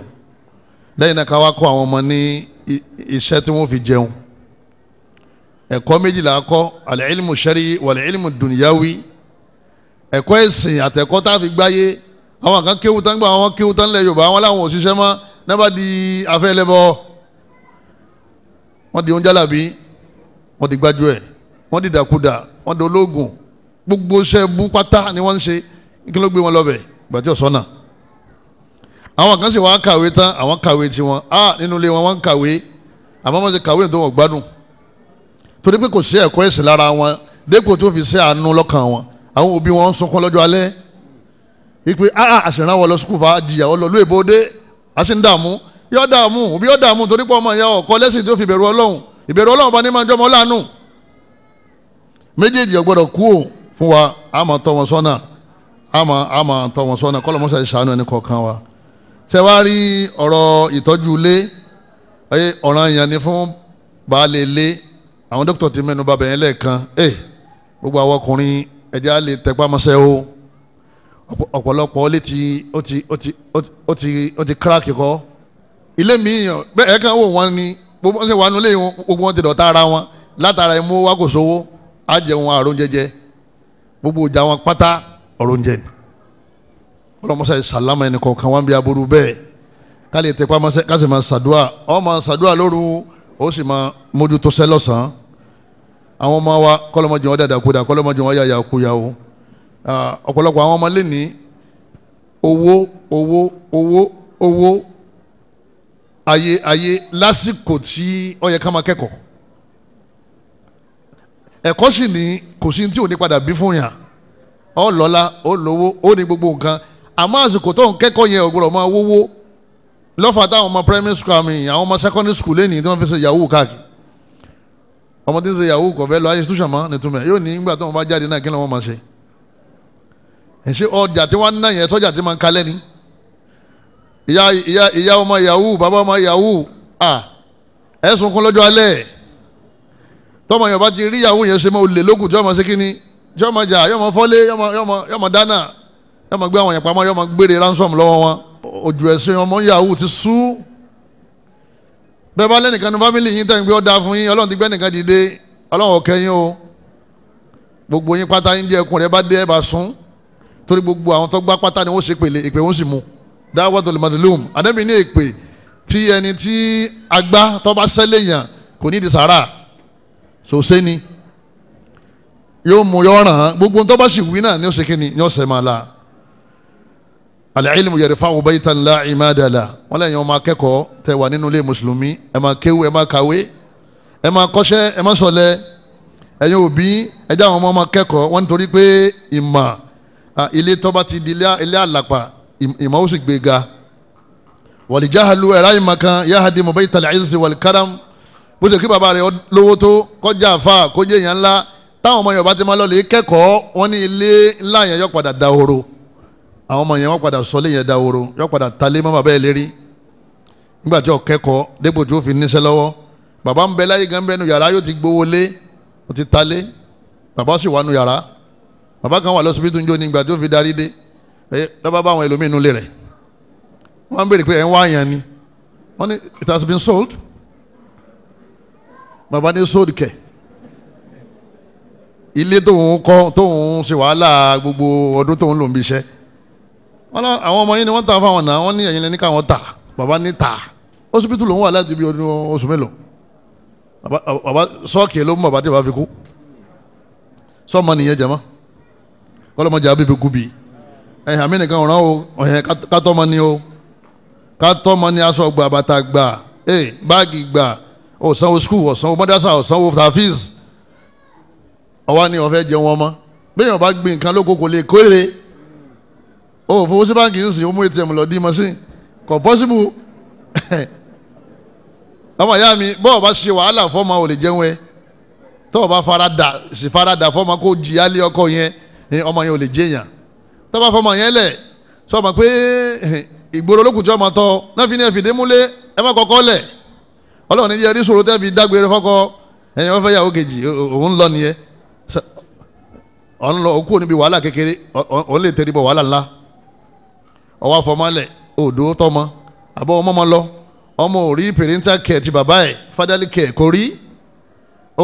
lẹ́yìn náà ká wá kó àwọn ọmọ ní iṣẹ́ tí wọ́n fi jẹun ẹ̀kọ́ méjìlá kọ́ alẹ́ẹ̀lìmù sẹ́rí wàlẹ́ẹ̀lìmù dùnìyáwí ẹ̀kọ́ ẹ̀sìn àtẹ̀kọ́ tá a fi gbáyé àwọn kan kéwu tán gbà wọn kéwu tán lẹ̀ yorùbá wọn láwọn òṣìṣẹ́ mọ́ nábà di afẹ́lẹ́bọ wọ́n di oúnjẹ làbí wọ́n di gbájú ẹ̀ wọ́n di dàkúdà wọ́n di ológun gbogbo iṣẹ́ bú pátá ni wọ́n ń ṣe kí ló gbé wọn lọ́bẹ̀ gbàtí ọ̀sán àwọn kan sì wá kàwé tán àwọn kàwé tiwọn ah nínú ilé wọn wọ́n kàwé àmọ́ kàwé tó wọ́n gbádùn torí pé kò sí ẹ̀kọ́ ẹ̀sìn lára wọn dépò tó fi ṣe àánú lọ́kàn wọn àwọn òbí wọn ń sunkún lọ́jọ́ alẹ́ wípé ah, ah, a àṣìrán wọn lọ sukùl fa jìyà lọ lóye bóde a sì ń dààmú yọ dààmú òbí yọ dààmú torí pé ọmọ ìyá ọkọ lẹ́sìn tó fi ìbẹ̀rù ọlọ́run ìbẹ̀rù ọlọ́run bá ní máa jọmọ láàánú méjèèjì ọgbọ́dọ̀ kú ò fún wa a máa tọ́ wọn sọ́nà a máa a máa tọ́ wọn sọ́nà kọ́lọ́mọ́sá ìṣàánú ẹni kọ̀ọ̀kan wa ṣe wá rí ọ̀rọ̀ ìtọ́jú ilé ọ̀ràn ìyànní fún baálé ilé àwọn dókítà ti mẹ́nu bà bẹ̀yẹn lẹ́ẹ̀kan ẹ eh, gbogbo àwọn ọkùnrin ẹ̀jẹ̀ á lè tẹpámọ́sẹ́ o ọ̀pọ̀lọpọ̀ ó lè ti ó ti ó ti ó ti ó ti crack kọ́ ilé miiyan bẹ́ẹ̀ kan wò wọ́n ni gbogbo ṣe wà nílé wọn gbogbo wọn ti dọ̀tá ara wọn látara ẹ̀mú wa kò sówó á jẹun àrùn jẹjẹ gbogbo ìjà wọn pátá ọ̀rọ̀ oúnjẹ ni ọlọmọsá yìí sàlámà ẹnì kọ̀ọ̀kan wọn bí aburú bẹ́ẹ̀ ká lè tẹpá ká sì máa ṣàdúà ọ ṣàdúà lóru ó sì máa mójútó sẹ́lọ̀sán àwọn ọmọ wa kọlọmọjọ wọn dàda kúdà kọlọmọjọ wọn yàyà kúyà o ọ̀pọ̀lọpọ̀ àwọn ọmọ lẹ́ni owó owó owó owó ayé ayé lásìkò tí ó yẹ ká máa kẹ́kọ̀ọ́ ẹ̀kọ́ sì ní kò sí tí ò ní padà bí fún yàn ọ lọ́lá ó lówó ó ní gbogbo nǹkan àmọ́ àsìkò tó ń kẹ́kọ̀ọ́ yẹn ògbọ́dọ̀ máa wówó lọ́fà táwọn ọmọ primary school àmì àwọn ọmọ secondary school lẹ́nìí tí wọ́n fi ṣe yahoo káàkiri ọmọ tí ń ṣe yahoo kọfẹ lọ ayé tuṣan mọ nítumẹ yóò ní ìgbà tó wọn bá jáde náà kí ló wọn máa ṣe ẹṣẹ ọjà tí wọn ń ná yẹn sọjà tí máa ń kalẹ ni ìyá ìyá ìyá ọmọ yahoo bàbá ọmọ yahoo à ẹsùn kún lọ́jọ́ alẹ́ tọmọ yẹn ti rí yahoo yẹn ṣe mọ olè lókùn tí wọn máa ṣe kí ni tí wọn máa jà yọmọ fọlé yọmọ yọmọ yọmọ dáná yọmọ gbé àwọn yẹn pamọ́ yọmọ gbére ransom lọ́wọ́ wọn ojú ẹsìn ọmọ yahoo ti sùn bẹ́ẹ̀ bá lẹ́nìkan nu fámìlì yín tẹ̀ ń gbé ọ̀dà fún yín ọlọ́run ti gbé nìkan dìde ọlọ́run ọ̀kẹ́ yín o gbogbo yín pátá yín díẹ̀ kùn rẹ̀ bá dé ẹ̀ bá sún torí gbogbo àwọn tó gbá pátá ni wọ́n ṣe pèlè ìpè wọ́n sì mú da'watul madlum àdẹ́bí ní èpè tí ẹni tí agbá tó bá sẹ́lẹ̀ yàn kò ní di sàrà sòsé ni yóò mú yọ ọ̀ràn gbogbo tó bá sì wí náà ni ó ṣe kí ni ni ó sẹ́ máa la alẹ́ẹ̀lìmù yẹrẹ fáwọn bẹ́ẹ̀ tán lá ìmádàlá wọn lẹ́yìn ọmọ akẹ́kọ̀ọ́ tẹ wà nínú ilé mùsùlùmí ẹ máa kéwú ẹ máa kàwé ẹ máa kọ́ṣẹ́ ẹ máa sọ̀lẹ̀ ẹ̀yin òbí ẹjẹ́ àwọn ọmọ máa kẹ́kọ̀ọ́ wọn nítorí pé ìmọ̀ ilé tọ́ba ti di ilé àlàpà ìmọ̀ ó sì gbé ga wàlìjáhalu ẹ̀rá ìmọ̀ kan yahadi mọ̀bẹ́ ìtàlẹ̀ àìsí wàlìkáram bó ṣe kí bàbá rẹ̀ lówó tó kọjá àfa kọjá èèyàn ńlá táwọn ọmọ Yorùbá ti máa lọ lè kẹ́kọ̀ọ́ wọn ní ilé ńlá yẹn yọ padà dahoro àwọn ọmọ yẹn wọ́n padà sọ léyìn ẹ̀dá oro yọ padà talé mọ́ bàbá ẹ̀ lérí nígbà tí ọ̀kẹ́kọ̀ọ́ dépò tí ó fi níṣẹ́ lọ́wọ́ bàbá ń bẹ láyé gan bẹ́nu yàrá yóò ti gbowó lé ó ti talé bàbá sì wà nù yàrá bàbá kan wà lọ́sibítù ń jó ní ìgbà tí ó fi darí dé ẹ lọ́ba bá àwọn ẹlòmíín nulẹ̀ rẹ̀ wọ́n béèrè pé ẹ̀ ń wá àyàn ni wọ́n ní it has been sold bàbá ni sold kẹ̀ ilé tóun kọ́ tóun ṣe wàhálà gbogbo ọdún tóun lò ń bí iṣẹ́ wọn náà àwọn ọmọ yín ni wọ́n ta fáwọn náà wọ́n ní ẹ̀yin lẹ́ni káwọn ta bàbá ní ta ọsibítù lòún wà láti bí ọdún oṣù mélòó bàbá sọ́ọ̀kì ló mú bàbá tí bàbá fi kú sọ́ọ̀mọ nìyẹn jẹ́ mọ́ kọ́lọ́mọdé abébé kú bi ẹ̀yìn àmì nìkan ọ̀ràn o ọ̀yẹn kátọ́mọ ni o kátọ́mọ ni aṣọ gbà bàtà gbà ee eh, báàgì gbà ọ̀sánwó skul ọ̀sánwó o ọ̀sánwó tàfíìs ọ̀wá ni ọ̀fẹ́ jẹun ọmọ bẹ́ẹ̀ yẹn ọba gbìn nǹkan lóko kò lè kórè o oh, ò fowó sí báńkì ń sìn ó mú atm lọ dí ya mi pọ́sibú ọmọ ìyá mi bọ́ọ̀ bá ṣe wàhálà fọ́ọ̀mà ò lè jẹun ẹ farada sì farada fọ́ọ̀mà kó jìyà lé ọkọ yẹn ọmọ yẹn ò lè jẹyàn tọ́ọ̀ bá fọ́ọ̀mà yẹn sọ ma pé ìgboro olókùnjọ́ ọmọ tọ́ náà fi ní ẹ̀fìdé múlé ẹ má kọ́kọ́ lẹ̀ ọlọ́run ní yẹrí sòrò tẹ́ fi dágbére fọ́kọ ẹ̀yìn wọ́n fẹ́ ọwọ́ afọmọlẹ̀ odò tọmọ àbọ̀ ọmọ ọmọ lọ ọmọ òrí parental care ti bàbá ẹ̀ fatherly care kò rí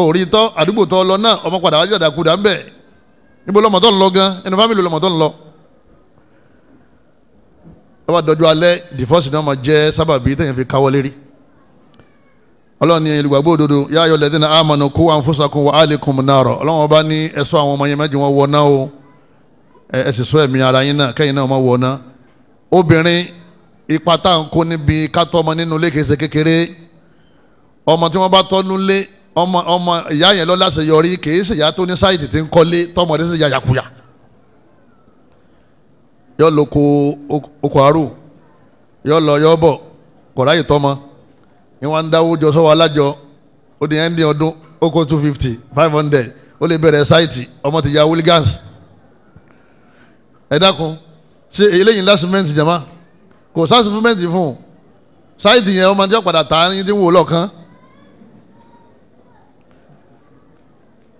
òrí tọ́ àdúgbò tọ́ lọ náà ọmọ padà wájú àdàkúdà ń bẹ̀ níbo lọmọ tó ń lọ gan ẹnu fámìlì lọmọ tó ń lọ. ẹ bá dọjú alẹ́ divorce náà máa jẹ́ sábàbí tẹ̀yìn fi káwọ́ lérí ọlọ́run ní olùgbàgbọ́ òdodo yá ayọ̀ lẹ́dínà àmọ́nù kó wa ń fún sakun wa alikum nàrọ̀ ọlọ́run ọba ní ẹ̀sọ́ àwọn ọmọ yẹn mẹ́jọ wọn wọ náà o ẹ̀ ẹ̀ sì sọ ẹ̀mí ara yín náà kẹ́yìn náà wọ́n wọ náà obìnrin ipa tá à ń kó níbi kátó ọmọ nínú ilé kìí kékeré ọmọ tí wọn bá tọ́nu lé ọmọ ọmọ ìyá yẹn lọ láṣeyọrí kìí ṣèyá tó ní sáìtì tí ń kọ́lé tọmọdé sì yàyàkuyà yọ lọ ko oko àrò yọ lọ yọ bọ kọ̀ráyè tọmọ ni wọ́n ń dáwó jọ sọ́wọ́ alájọ ó di ẹni ọdún ó kó two fifty five hundred ó lè bẹ̀rẹ̀ sáìtì ọmọ ti ya hooligans ẹ dákun. ṣe eléyìí ńlá simenti jama kò sá simenti fún un sáìtì yẹn ọmọdé padà tà á ní ti wò lọ́kàn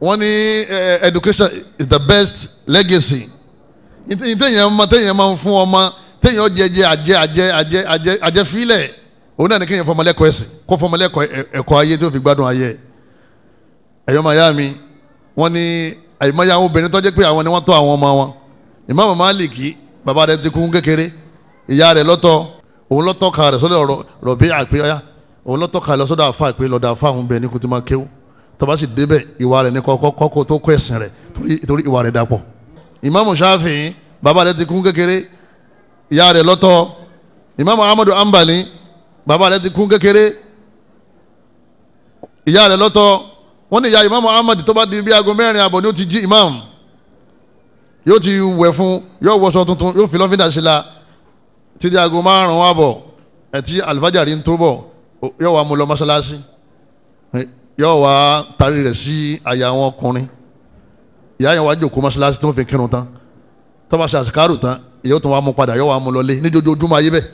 wọ́n ní education is the best legacy ìtẹ̀yẹ̀ ọmọ tẹ̀yẹ̀ máa ń fún ọmọ tẹ̀yẹ̀ ọjẹjẹ àjẹ àjẹ àjẹ àjẹ àjẹ fílẹ̀ òun náà ní kéèyàn fọmọlẹ́kọ̀ọ́ ẹ̀sìn kó fọmọlẹ́kọ̀ọ́ ẹ̀kọ́ ayé tó fi gbádùn ayé ẹ̀yọ́ màá yá mi wọ́n ní àyèmáyà àwọn obìnrin tó jẹ́ pé àwọn ni wọ́n tọ́ àwọn ọmọ wọn Imam Maliki Baba rẹ̀ ti kún kékeré ìyá rẹ̀ lọ́tọ̀ òun lọ́tọ̀ ka rẹ̀ sọ́dọ̀ rọ̀bí àpéyà òun lọ́tọ̀ ka lọ sọ́dọ̀ àfa àpé lọ́dọ̀ àfa àwọn bẹ̀ ní kò ti máa kéwù tọ́ba sì débẹ̀ ìwà rẹ̀ ní kọ́kọ́ tó kọ́ ẹ̀sìn rẹ̀ torí ìwà rẹ̀ dàpọ̀ ìmáàmù Ṣáfi'í bàbá rẹ̀ ti kún kékeré ìyá rẹ̀ lọ́tọ̀ ìmáàmù Ahmadu Ambali baba rẹ̀ ti kún kékeré ìyá rẹ̀ lọ́tọ̀ wọ́n ní ìyá ìmáàmù Ahmad tó di bí aago mẹ́rin àbọ̀ ni ó ti jí ìmáàmù yóò ti wẹ̀ fún yóò wọṣọ tuntun yóò fi lọ́fíńdà sí la títí aago márùn-ún àbọ̀ ẹtí alifájàrí ń tó bọ̀ yóò wá mú lọ mọ́ṣáláṣí yóò wá tarí rẹ̀ sí àyà àwọn ọkùnrin ìyá yẹn wá jókòó mọ́ṣáláṣí tó ń fi kírun tán tó ṣe àṣekárò tán ìyá ó tún wá mú padà yóò wá mú lọlé ní jojoojúmọ́ ayé bẹ́ẹ̀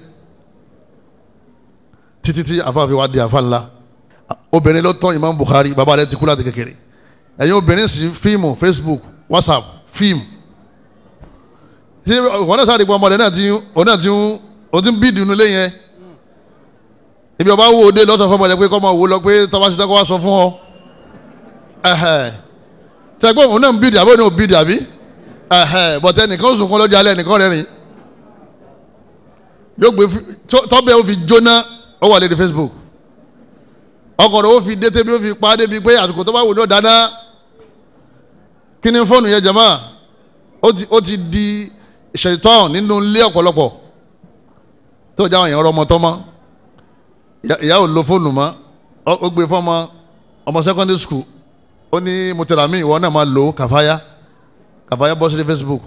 títí tí àfáàfi wá di àfa ńlá obìnrin ló tán Imam Bukhari bàbá rẹ̀ ti kú láti kékeré ẹ̀yin obìnrin sí fíìmù Facebook WhatsApp fíìmù ṣé wọn náà sáré pọ ọmọdé náà ti òun náà ti ń òun ti ń bí ìdùnnú lé yẹn ibi ọba wo òde lọ́sọ̀ fọmọdé pé kọ́mọ wo lọ pé sọ fún ọ tẹ̀gbọ́n òun náà ń bí ìdàbí òun náà ń bí ìdàbí bọ̀tẹ́ nìkan sunkún lọ́jọ́ alẹ́ nìkan rẹ̀ rìn yóò gbé tọ́bẹ̀ ó fi jóná ó wà Facebook ọkọ̀ rẹ̀ fi dé tẹ́bí fi pa débi pé àsìkò kí ni fóònù di ṣètọ́n nínú ilé ọ̀pọ̀lọpọ̀ tó jẹ́ àwọn èèyàn ọ̀rọ̀ ọmọ tọ́mọ ìyá ò lo fóònù mọ́ ó gbé fọ́mọ ọmọ secondary school ó ní mo tẹ̀ra mí ìwọ náà máa lò kàfáyá kàfáyá bọ́ sí Facebook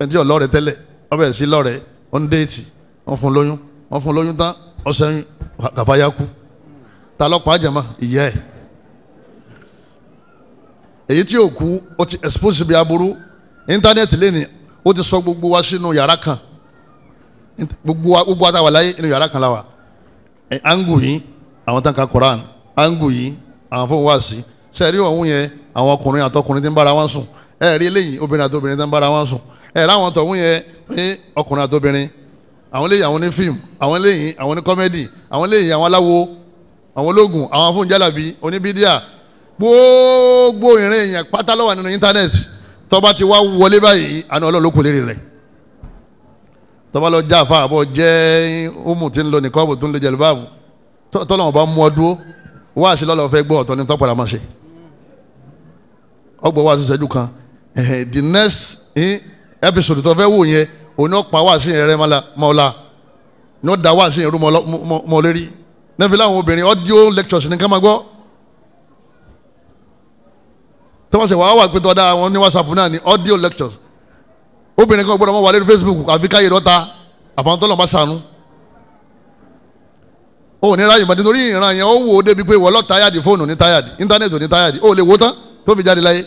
ẹni tí ò lọ́ọ̀rẹ́ tẹ́lẹ̀ wọ́n bẹ̀rẹ̀ sí lọ́ọ̀rẹ́ ó ń déètì wọ́n fún lóyún wọ́n fún lóyún tán ó ṣẹ́yún kàfáyá kú ta lọ́pàá jẹ̀mọ́ ìyá ẹ̀ èyí tí ò kú ó ti expose bí aburú íńtánẹ́ẹ̀tì lẹ́nìí ó ti sọ gbogbo wa sínú yàrá kan gbogbo wa gbogbo wa ta wà láyé inú yàrá kan la wa ẹ angu yìí àwọn tán ka Quran angu yìí àwọn fún wa sí sẹ́ẹ̀rí ọ̀hún yẹn àwọn ọkùnrin àtọkùnrin tí ń bára wọn sùn ẹ rí eléyìí obìnrin àtobìnrin tí ń bára wọn sùn ẹ ráwọn tọ̀hún yẹn ní ọkùnrin àtobìnrin àwọn eléyìí àwọn ní fíìmù àwọn eléyìí àwọn ní kọ́mẹ́dì àwọn eléyìí àwọn aláwo àwọn ológun àwọn afúnjálàbí oníbídíà gbogbo ìrìn èèyàn pátá ló nínú íńtánẹ́ẹ̀tì tọ́ba ti wá wọlé báyìí àná ọlọ́run ló kò lérí rẹ̀ tọ́ba lọ já àfa àbọ̀ jẹ́ ọmú tí ń lo nìkọ́ọ̀bù tó ń lo jẹ̀lúbáàbù tọ́lọ́wọ́n bá mú ọ dúró wá àṣẹ lọ́lọ́ fẹ́ gbọ́ ọ̀tọ̀ ní tọ́pọ̀ làmọ́ ṣe ọgbọ̀n wá àṣìṣẹ́jú kan the next episode tó fẹ́ wò yẹn òun náà pa wá àṣìṣe yẹn rẹ mọ́ọ́lá ní ó wá àṣìṣe yẹn rú mọ́ọ́lérí nẹ́fẹ̀ẹ́ obìnrin audio lectures ní ká máa gbọ́ tọ́wọ́sẹ̀ wàá wà pé tọ́da wọn ní whatsapp náà ní audio lectures obìnrin kan gbọ́dọ̀ mọ́ wà lórí facebook àfi káyè lọ́ta àfàwọn tọ́lọ̀ bá sànú o ò ní ráyè mọ̀ nítorí ìran yẹn ó wò ó débi pé wọ́n lọ táyàdì fóònù ní táyàdì íńtánẹ́ẹ̀tì ò ní táyàdì ó lè wò tán tó fi jáde láyé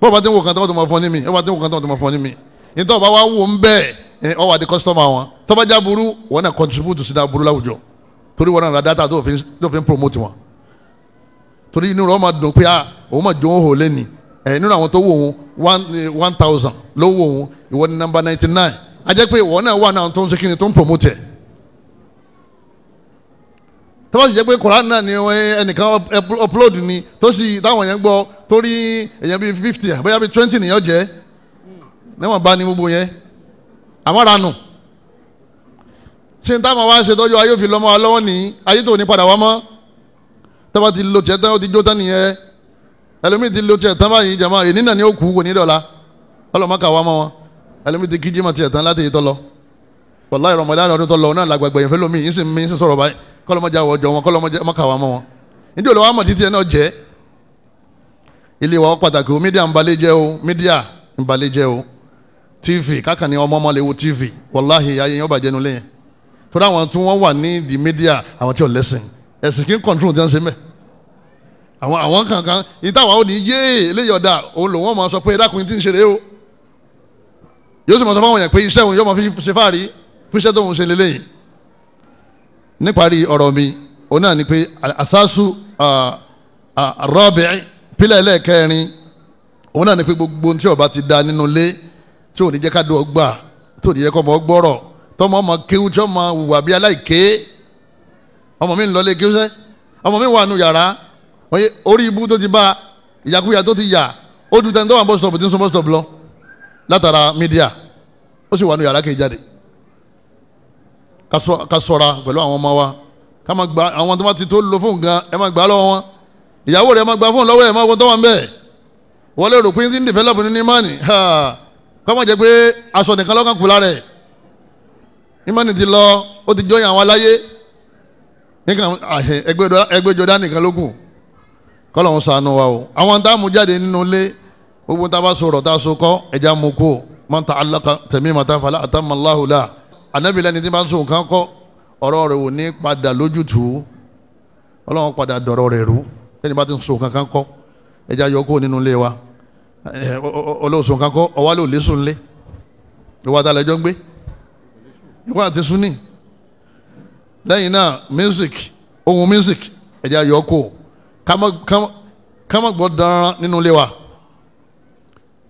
bọ́ọ̀ bá ti ń wò kàn tán wọ́n ti mọ̀ ní mi bọ́ọ̀ bá ti ń wò kàn tán wọ́n ti mọ̀ ní mi nítorí ọba wa wò ń bẹ́ẹ̀ ọ wà di kọ́sítọ́mà wọn tọ́bajá burú wọn náà contribute sí dáa burú láwùjọ torí wọn náà ra data tó fi ń promote wọn torí inú rẹ̀ máa dùn pé a ah, òun máa jòun hò lẹ́ni ẹ̀ nínú àwọn tó wò wọn eh, one thousand ló wò wọn ìwọ ni number ninety nine a jẹ́ pé ìwọ náà wà náà tó ń ṣe kíni tó ń promote ẹ̀ tọ́ba sì jẹ́ pé koran náà ni eh, ẹnìkan upload ni tó sì táwọn yẹn gbọ́ torí èyàn bíi fifty àbẹ́yà bíi twenty nìyẹn jẹ́ níwọ̀n bá ní gbogbo yẹn àmọ́ ranù ṣé n táwọn wá ṣe tọ́jú ayé òfin lọ́mọ alọ́wọ́ ní ayé tó ní padà wá mọ́ tọ́ba ti lo tiẹ̀ tán ó ti jó tán nìyẹn ẹlòmíì ti lo tiẹ̀ tán báyìí jàmá èyí nínà ni ó kú kò ní dọ̀la ọlọ́mọkà wa mọ́ wọn ẹlòmíì ti kíjí ma tiẹ̀ tán láti yìí tọ́ lọ wàláyé rọmọdé ọdún tọ́ lọ náà làgbàgbà yẹn fẹ́ lómi yìí sì mí sì sọ̀rọ̀ báyìí kọ́lọ́mọjà wọ̀ jọ wọn kọ́lọ́mọkà wa mọ́ wọn níbi olùwà àmọ̀ títí ẹ̀ náà jẹ́ ilé wa pàtàkì o mídíà ń o mídíà ń balẹ̀ o tv kákànní ọmọ ọmọ lè wo tv wàláhì ayé yẹn ó bàjẹ́ nulẹ̀ yẹn tó dáwọn tí wọ́n wà ní di mídíà àwọn tí ò lẹ́sìn ẹ̀sìn kì í control ti ń ṣe mẹ́ àwọn àwọn kankan ìtawà ò ní yéè eléyìí ọ̀dà òun lòun ọ̀ máa sọ pé ẹ̀dákùnrin ti ń ṣeré o yóò sì máa sọ fáwọn yẹn pé iṣẹ́ òun yóò máa fi ṣe fáàrí píṣẹ́ tóun ṣe lélẹ́yìn níparí ọ̀rọ̀ mi òun náà ni pé àṣàṣù rọ́ọ̀bì pílẹ̀ ẹlẹ́ẹ̀kẹrin òun náà ni pé gbogbo tí ọba ti da nínú ilé tí ò ní jẹ́ ká dùn ọgbà tí ò ní jẹ́ kọ́ ọmọ gbọ́rọ̀ tọ́mọ ọmọ kéwú tí ọmọ wùwà bí aláìké ọmọ mi ń lọlé kíúsẹ́ ọmọ mi wà nù yàrá orí ibú tó ti bá ìyàkúyà tó ti yà ó ju tẹni tó wà bus stop tí ń sún bus stop lọ látara mídíà ó sì wà nù yàrá kì í jáde ká ṣọ́ra pẹ̀lú àwọn ọmọ wa ká má gba àwọn tó bá ti tó lo fóònù gan ẹ má gbà lọ́wọ́ wọn ìyàwó rẹ̀ má gba fóònù lọ́wọ́ ẹ̀ má wọ́n tó wà ń bẹ̀ wọlé rò pé ń ti ń develop ní nímánì ká má jẹ́ pé aṣọ nìkan lọ́kàn kù lára ẹ̀ nímánì ti lọ ó ti jọyìn àwọn aláyé nìkan ẹgbẹ́ jọdá nìkan ló kù kọ́lọ̀ ń sànù wa o àwọn tá a mú jáde nínú ilé gbogbo tá a bá sọ̀rọ̀ tá a so kọ́ ẹja mú kú o máa ta alaka tẹ̀mí màtá fàlà àtàmàláhùlà ànábì lẹ́ni tí bá ń so nǹkan kọ́ ọ̀rọ̀ rẹ̀ ò ní padà lójútùú ọlọ́run padà dọ̀rọ̀ rẹ̀ rú ẹni bá ti so nǹkan kan kọ́ ẹja yọ kó nínú ilé wa olóòsùn kan kọ́ ọwálé ò lé sùn lé ìwà àtàlẹ́jọ́ gbé ìwà àti sunni lẹ́yìn náà music ohun music ẹ̀jẹ̀ àyọkù kámọ́ gbọ́ dán nínú ilé wa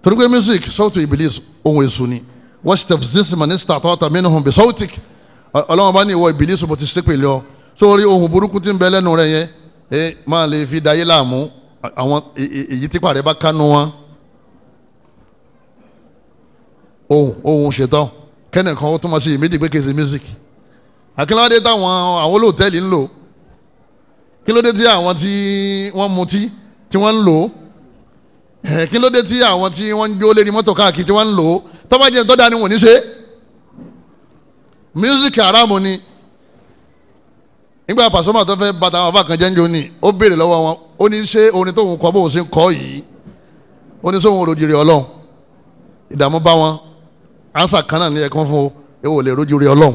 torí music sọ́ọ̀tù ibilis ohun èso ni wọ́n ṣe tẹ̀físísì mà ní sàtọ́ta mínú bí sọ́ọ̀tì ọlọ́wọ́n bá ní ìwọ ibilis bó ti ṣe pèlè ọ sórí ohun burúkú tí ń bẹ lẹ́nu rẹ yẹn ẹ máa lè fi dayé láàmú àwọn èyí tí pàrẹ bá kánú wọn ohun ohun ṣetán kẹ́nìkan ó túmọ̀ sí ìmídìí pé kèsì music àkínládé táwọn àwọn olóòtẹ́ẹ̀lì ń lò kí ló dé tí àwọn tí wọ́n mutí tí wọ́n ń lò kí ló dé tí àwọn tí wọ́n ń jó lérí mọ́tò káàkiri tí wọ́n ń lò tọ́bajẹ́ tó ni wò ní ṣe mísíkì aráàmù ni nígbà pàṣọmọ tó fẹ́ bàtà àwọn afáàkàn jẹ́njọ́ ni ó béèrè lọ́wọ́ wọn ó ní ṣé orin tóun kọ bóun ṣe ń kọ yìí ó ní sóun rojìrì ọlọ́run ìdààmú bá wọn ansa kan náà ní ẹ̀kan fún o èwo lè rojìrì ọlọ́run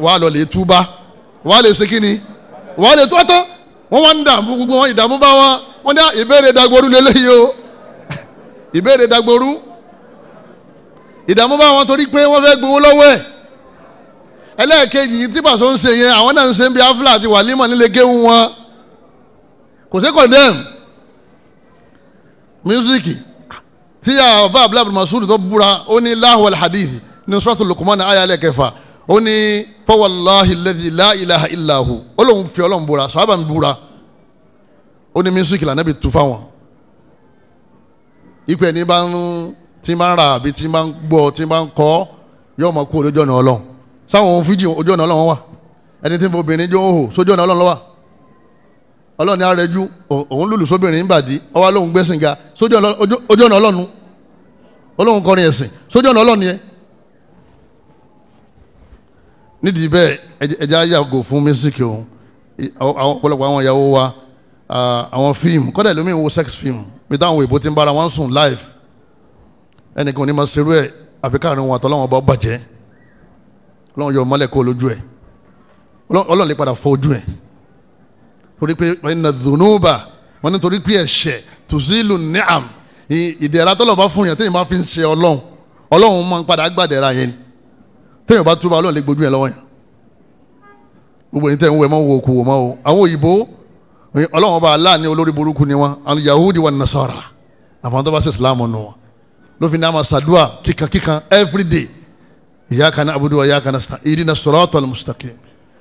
wà á lọ lè túbá wà á lè ṣe kíni wà á lè tó tán wọ́n wá ń dààmú gbogbo wọn ìdààmú bá wọn wọ́n ní ah, ìbéèrè dagboru lélẹ́yìí o ìbéèrè dagboru ìdààmú bá wọn torí pé wọ́n fẹ́ gbowó lọ́wọ́ ẹ̀ ẹlẹ́ẹ̀kejì yìí tí pàṣọ ń ṣe yẹn àwọn náà ń ṣe ń afla àti wàlímọ̀ nílé géwu wọn kò sí condemn music tí àwọn bá abdulhamid masud tó búra ó ní lahwal hadith ní suratul Luqman ayálẹ̀ kẹfà ó ní fọwọ́láhi lẹ́dí láìláha ìlàhù ó lóun fi ọlọ́run búra sọ́ábà mi búra ó ní mísíkì lànà bí tu fáwọn ìpè ní bá ń tí bá ń rà àbí tí bá ń gbọ́ tí bá ń kọ́ yóò máa kú ojú ọ̀nà ọlọ́run sáwọn fíjì ojú ọ̀nà ọlọ́run wà ẹni tí ń fobìnrin jó hò sójú nídìí bẹ́ẹ̀ ẹja yàgò fún mísíkì òun ọ̀pọ̀lọpọ̀ àwọn ìyàwó wa àwọn fíìmù kọ́dà ìlú mìíràn wo sex fíìmù bí táwọn òyìnbó ti ń bára wọn sùn live ẹnìkan ò ní máa ṣerú ẹ̀ àfi káàrin wọn àtọ́láwọn ọba bàjẹ́ ọlọ́run yọ ọmọlẹ̀ kó lójú ẹ̀ ọlọ́run lè padà fọ ojú ẹ̀ torí pé ẹnà dùnúbà wọn ní torí pé ẹ̀ṣẹ̀ tùzílù ni'am ìdẹ̀ra tọ́lọ̀ bá fún yàn téèyàn bá fi ń ṣe ọlọ́run ọlọ́run máa ń padà gbàdẹ̀ra yẹn ni téèyàn bá túbọ̀ ọlọ́run lè gbójú ẹ lọ́wọ́ yẹn gbogbo ẹni tẹ́ ń wẹ̀ mọ́ wo kò mọ́ o àwọn òyìnbó ọlọ́run ọba aláàánú olórí burúkú ni wọn àwọn yahudi wa nasara àwọn tó bá ṣe islam nù wọn lófin náà máa ṣàdúà kíkankíkan everyday iyyaka na'budu wa iyyaka nasta'in ihdina siratal mustaqim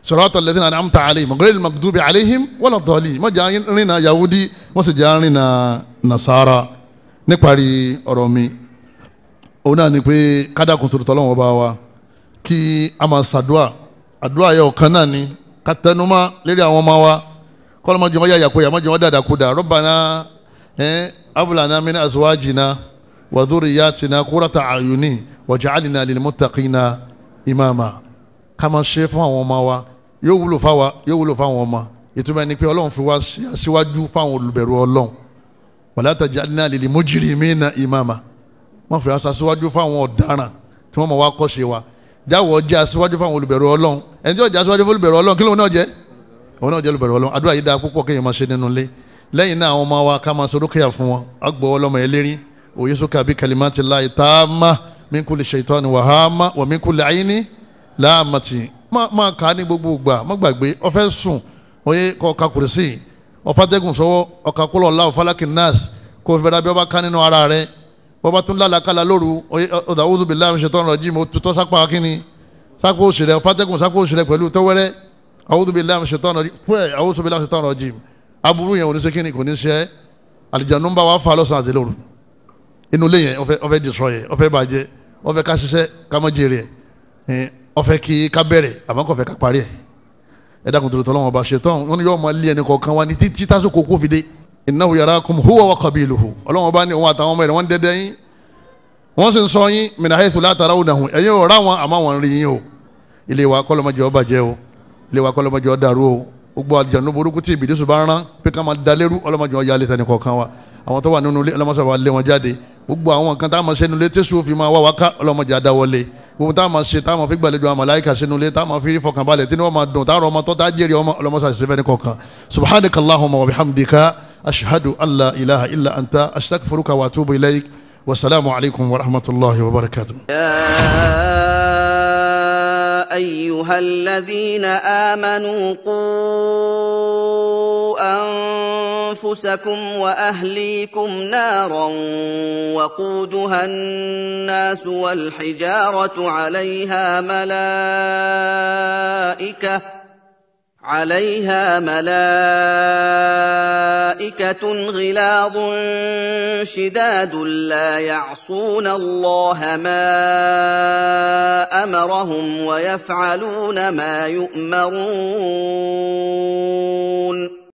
siratal ladhina an'amta alayhim ghayril maghdubi alayhim wala dhalin má jẹ́ rìnà yahudi wọ́n sì jẹ́ rìnà nasara níparí ọ̀rọ̀ mi òun náà ni pé kádàkùn tó tọ́lọ́wọ́n bá wa kí a máa ṣàdúà àdúà yẹ ọ̀kan náà ni ká tẹnumọ́ lérí àwọn ọmọ wa kọ́lọ́mọdé wọn yà yàkóyà mọ́jọ́ wọn dàda kó dà rọ́bànà ẹ́ abúlànà min azwajina wa dhurriyatina qurrata a'yuni waj'alna lilmuttaqina imama ká máa ṣe fún àwọn ọmọ wa yóò wúlò fáwa yóò wúlò fáwọn ọmọ ìtumọ̀ ẹni pé ọlọ́run fi wá síwájú fáwọn olùbẹ̀rù ọlọ́run jáwọ́ jẹ́ aṣíwájú fáwọn olùbẹ̀rù ọlọ́run ẹni tí ó jẹ́ aṣíwájú fún olùbẹ̀rù ọlọ́run kí lóun náà jẹ́ òun náà jẹ́ olùbẹ̀rù ọlọ́run àdúrà yìí dáa púpọ̀ kéèyàn máa ṣe nínú ilé lẹ́yìn náà àwọn ọmọ wa ká máa sọdún kéèyàn fún wọn àgbọ̀ ọlọ́mọ ẹlẹ́rìí òye sókè àbí kalimati láì tá a má min kulli shaitani wàhámà wà min kulli ayni láàmàtì máa kà á ní gbogbo ìgbà má gbàgbé ó sùn oye kó ka kùrìsì ó fàtẹ́gùn sọ́wọ́ ó ka kúlọ̀ láwọ̀ fálákì nas kó fẹ́ dábẹ́ ọba ká nínú ara rẹ̀ bọ́ba tún lálàkàlà lóru ọ̀dà awúzù bìlá mi ṣètò ọ̀rọ̀ jìmọ̀ tutọ́ sápá kínní sápá òṣèré fàtẹ́kùn sápá òṣèré pẹ̀lú tọ́wẹ́rẹ́ awúzù bìlá mi ṣètò ọ̀rọ̀ pẹ́ awúzù bìlá mi ṣètò ọ̀rọ̀ jìmọ̀ aburú yẹn oníṣe kínní kò ní ṣe àlìjánu ń bá wa fa lọ́sàn àti lóru inú ilé yẹn ó fẹ́ yẹn ó fẹ́ bàjẹ́ ó fẹ́ ká kí innahu yarakum huwa wa qabiluhu ọlọ́wọ́n bá ní òun àtàwọn ọmọ rẹ̀ wọ́n dẹ́dẹ́ yín wọ́n sì ń sọ yín min haythu la tarawnahum ẹ̀yin ò rá wọn àmọ́ wọn rí yín o ilé wa kọ́lọ́mọdé ọba jẹ́ o ilé wa kọ́lọ́mọdé ọ̀dà rú o gbogbo àlùjànnú burúkú tí ìbílísù bá rán pé ká máa dalérú ọlọ́mọdé ọ̀yà alẹ́ tẹ̀lé kọ̀ọ̀kan wa àwọn tó wà nínú ilé ọlọ́mọdé gbogbo àwọn máa ṣe nínú máa fi gbàlejò àwọn màláìka sínú ilé tá máa fi fọkànbalẹ̀ tí wọ́n máa dùn tá ọmọ tó tá a ọmọ ọlọ́mọdé àṣìṣe fẹ́ni kọ̀ọ̀kan subhanakallahumma wa bihamdika أشهد أن لا إله إلا أنت أستغفرك وأتوب إليك والسلام عليكم ورحمة الله وبركاته يا أيها الذين آمنوا قوا أنفسكم وأهليكم نارا وقودها الناس والحجارة عليها ملائكة عليها ملائكه غلاظ شداد لا يعصون الله ما امرهم ويفعلون ما يؤمرون